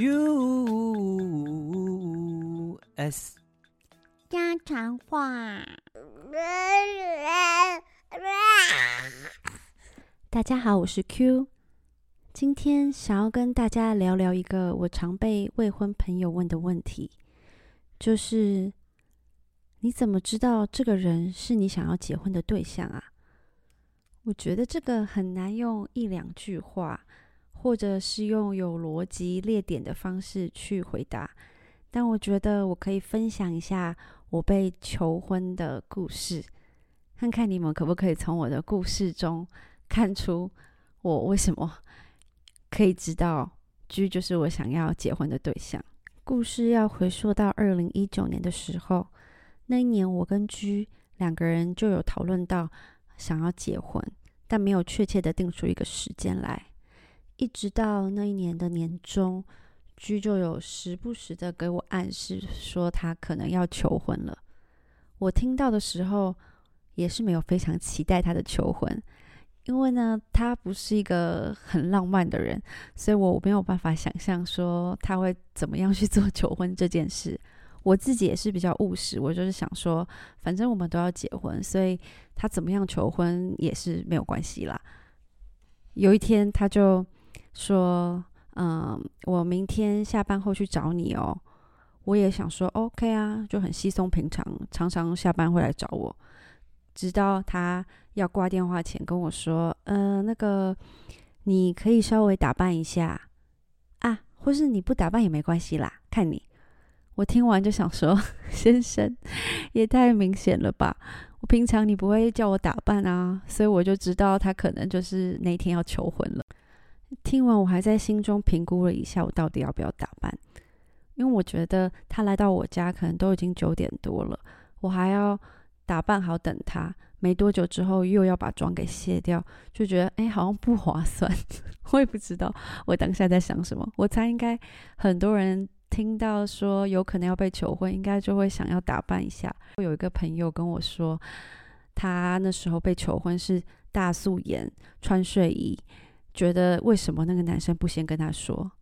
U S 家常話。 大家好，我是 Q，今天想要跟大家聊聊一個我常被未婚朋友問的問題，就是你怎麼知道這個人是你想要結婚的對象啊？我覺得這個很難用一兩句話。或者是用有邏輯列點的方式去回答，但我覺得我可以分享一下我被求婚的故事，看看你們可不可以從我的故事中看出我為什麼可以知道 G 就是我想要結婚的對象。故事要回溯到二零一九年的時候，那一年我跟 G 兩個人就有討論到想要結婚，但沒有確切的定出一個時間來。一直到那一年的年終，G 就有時不時的給我暗示說他可能要求婚了。我聽到的時候也是沒有非常期待他的求婚，因為呢，他不是一個很浪漫的人，所以我沒有辦法想象說他會怎麼樣去做求婚這件事。我自己也是比較務實，我就是想說，反正我們都要結婚，所以他怎麼樣求婚也是沒有關係啦。有一天他就說，嗯，我明天下班後去找你哦。我也想說，OK 啊，就很稀鬆平常。常常下班會來找我，直到他要掛電話前跟我說，嗯，那個你可以稍微打扮一下啊，或是你不打扮也沒關係啦。看你，我聽完就想說，先生，也太明顯了吧。我平常你不會叫我打扮啊，所以我就知道他可能就是那天要求婚了。聽完，我還在心中評估了一下，我到底要不要打扮，因為我覺得他來到我家可能都已經九點多了，我還要打扮好等他，沒多久之後又要把妝給卸掉，就覺得哎，好像不划算。我也不知道我當下在想什麼。我猜應該很多人聽到說有可能要被求婚，應該就會想要打扮一下。我有一個朋友跟我說，他那時候被求婚是大素顏穿睡衣。覺得為什麼那個男生不先跟他說？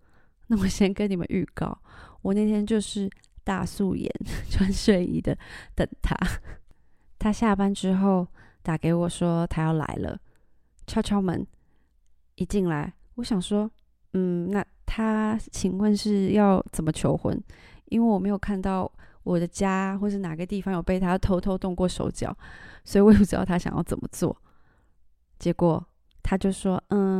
那我先跟你們預告，我那天就是大素顏穿睡衣的等他。他下班之後打給我，說他要來了，敲敲門，一進來，我想說，嗯，那他請問是要怎麼求婚？因為我沒有看到我的家或是哪個地方有被他偷偷動過手腳，所以我也不知道他想要怎麼做。結果他就說，嗯。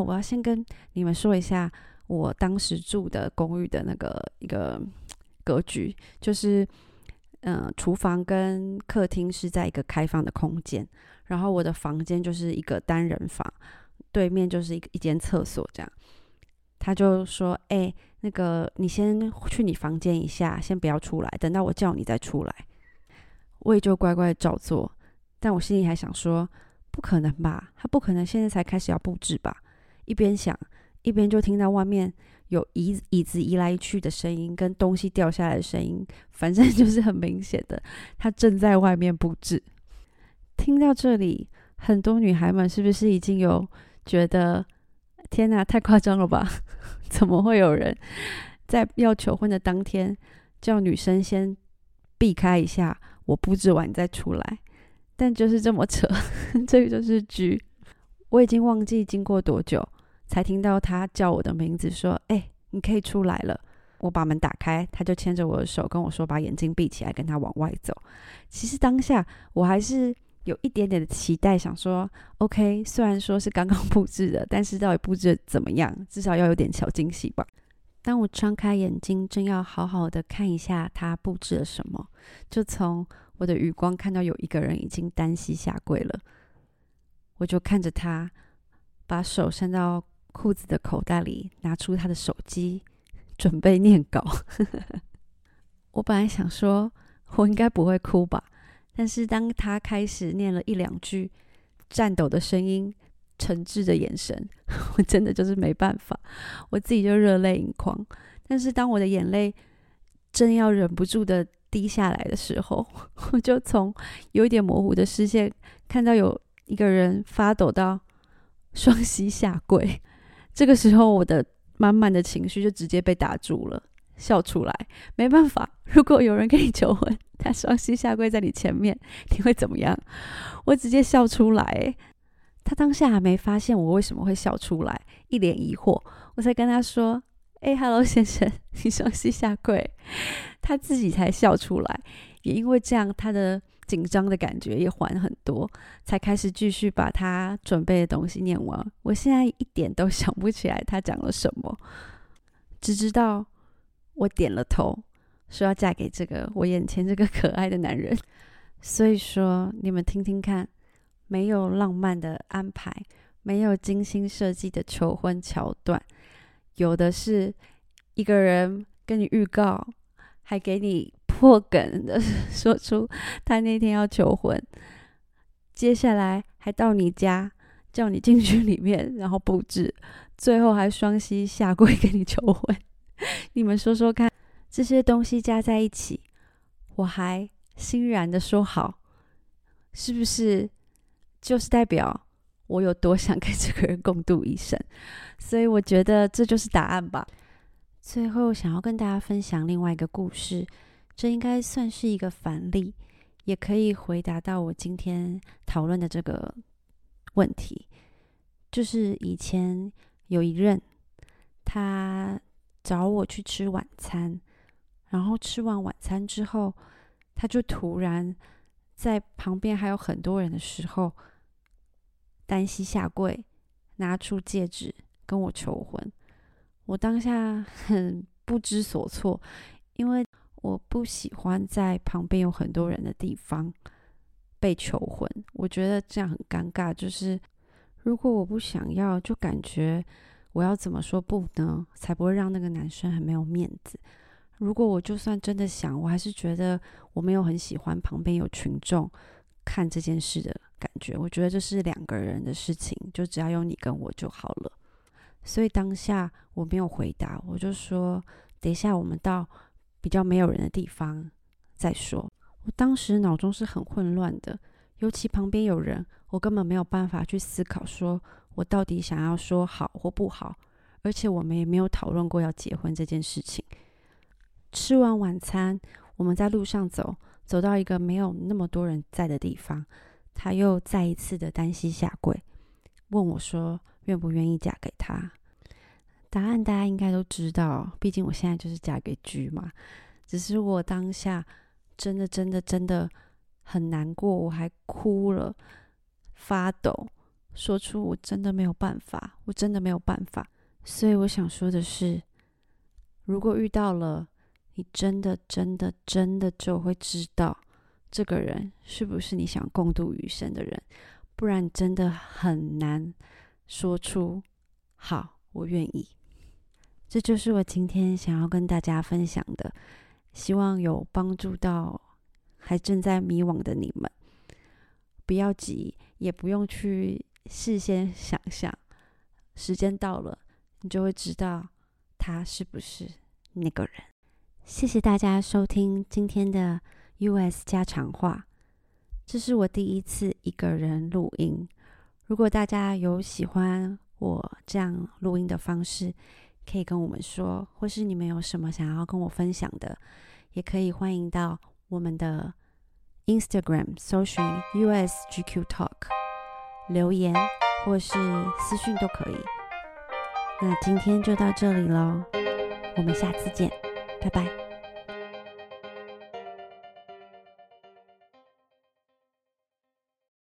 我要先跟你們說一下，我當時住的公寓的那個一個格局，就是嗯、呃，廚房跟客廳是在一個開放的空間，然後我的房間就是一個單人房，對面就是一個一間廁所這樣。他就說：“哎、欸，那個你先去你房間一下，先不要出來，等到我叫你再出來。”我也就乖乖照做，但我心裡還想說：“不可能吧？他不可能現在才開始要布置吧？”一邊想，一邊就聽到外面有椅椅子移來移去的聲音，跟東西掉下來的聲音，反正就是很明顯的，他正在外面布置。聽到這裡，很多女孩們是不是已經有覺得，天哪，太誇張了吧？怎麼會有人在要求婚的當天叫女生先避開一下，我布置完再出來？但就是這麼扯，這個就是局，我已經忘記經過多久。才聽到他叫我的名字，說：“哎、欸，你可以出來了。”我把門打開，他就牽着我的手跟我說：“把眼睛閉起來，跟他往外走。”其實當下我還是有一點點的期待，想說：“OK，雖然說是剛剛布置的，但是到底布置得怎麼樣？至少要有點小驚喜吧。”當我張開眼睛，正要好好的看一下他布置了什麼，就從我的餘光看到有一個人已經單膝下跪了，我就看着他，把手伸到。褲子的口袋裡拿出他的手機，準備念稿。 我本來想說，我應該不會哭吧。但是當他開始念了一兩句，顫抖的聲音，誠摯的眼神，我真的就是沒辦法，我自己就熱淚盈眶。但是當我的眼淚真要忍不住的滴下來的時候，我就從有一點模糊的視線看到有一個人發抖到雙膝下跪。這個時候，我的滿滿的情緒就直接被打住了，笑出來。沒辦法，如果有人跟你求婚，他雙膝下跪在你前面，你會怎麼樣？我直接笑出來。他當下還沒發現我為什麼會笑出來，一臉疑惑。我才跟他說：“誒，Hello 先生，你雙膝下跪。”他自己才笑出來，也因為這樣，他的。緊張的感覺也緩很多，才開始繼續把他準備的東西念完。我現在一點都想不起來他講了什麼，只知道我點了頭，說要嫁給這個我眼前這個可愛的男人。所以說，你們聽聽看，沒有浪漫的安排，沒有精心設計的求婚橋段，有的是一個人跟你預告，還給你。破梗，的說出他那天要求婚，接下來還到你家叫你進去裡面，然後布置，最後還雙膝下跪跟你求婚。 你們說說看，這些東西加在一起，我還欣然的說好，是不是就是代表我有多想跟這個人共度一生？所以我覺得這就是答案吧。最後想要跟大家分享另外一個故事。這應該算是一個反例，也可以回答到我今天討論的這個問題。就是以前有一任，他找我去吃晚餐，然後吃完晚餐之後，他就突然在旁邊還有很多人的時候，單膝下跪，拿出戒指跟我求婚。我當下很不知所措，因為。我不喜歡在旁邊有很多人的地方被求婚，我覺得這樣很尷尬。就是如果我不想要，就感覺我要怎麼說不呢，才不會讓那個男生很沒有面子。如果我就算真的想，我還是覺得我沒有很喜歡旁邊有群眾看這件事的感覺。我覺得這是兩個人的事情，就只要有你跟我就好了。所以當下我沒有回答，我就說等一下我們到。比較沒有人的地方再說。我當時腦中是很混亂的，尤其旁邊有人，我根本沒有辦法去思考，說我到底想要說好或不好。而且我們也沒有討論過要結婚這件事情。吃完晚餐，我們在路上走，走到一個沒有那麼多人在的地方，他又再一次的單膝下跪，問我說願不願意嫁給他。答案大家應該都知道，畢竟我現在就是嫁給 G 嘛。只是我當下真的、真的、真的很難過，我還哭了、發抖，說出我真的沒有辦法，我真的沒有辦法。所以我想說的是，如果遇到了，你真的、真的、真的就會知道這個人是不是你想共度餘生的人，不然真的很難說出“好，我願意”。這就是我今天想要跟大家分享的，希望有幫助到還正在迷惘的你們。不要急，也不用去事先想象，時間到了，你就會知道他是不是那個人。謝謝大家收聽今天的 US 家常話。這是我第一次一個人錄音，如果大家有喜歡我這樣錄音的方式。可以跟我們說，或是你們有什麼想要跟我分享的，也可以歡迎到我們的 Instagram 搜尋 USGQ Talk 留言，或是私訊都可以。那今天就到這裡嘍，我們下次見，拜拜。